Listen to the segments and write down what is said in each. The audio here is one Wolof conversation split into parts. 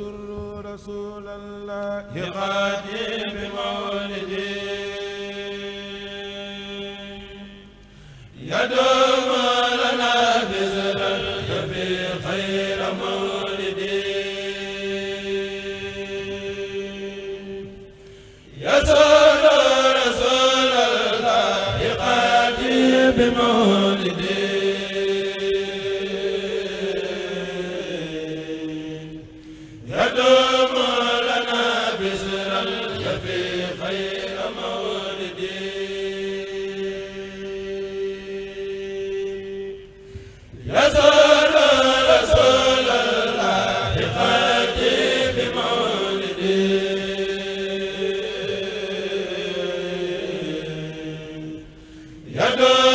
يسر رسول الله خاتم مولده يدوم لنا بزر في خير مولده يسر رسول الله خاتم مولده yada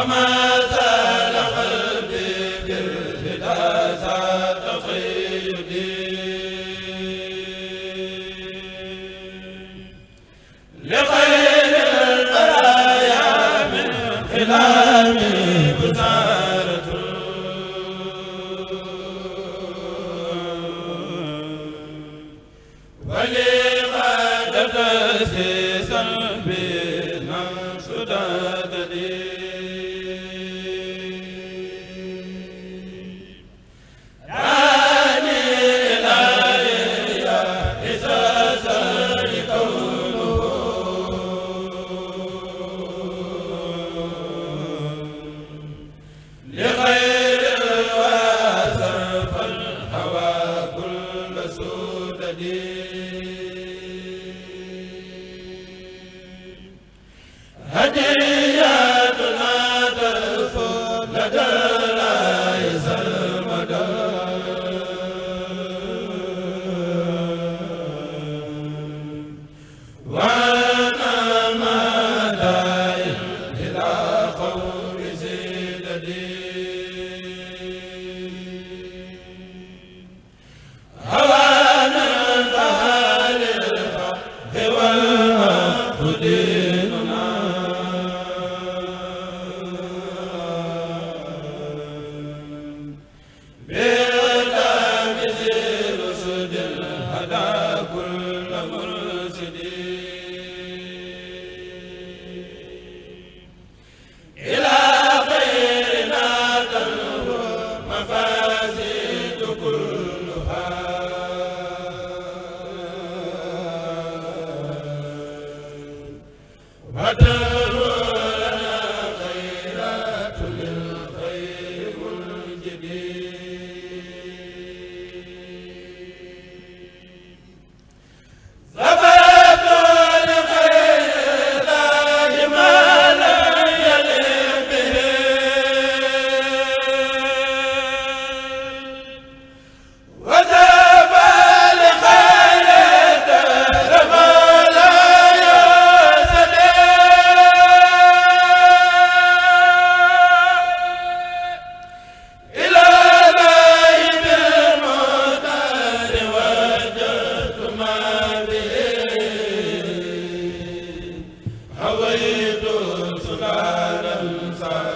وما la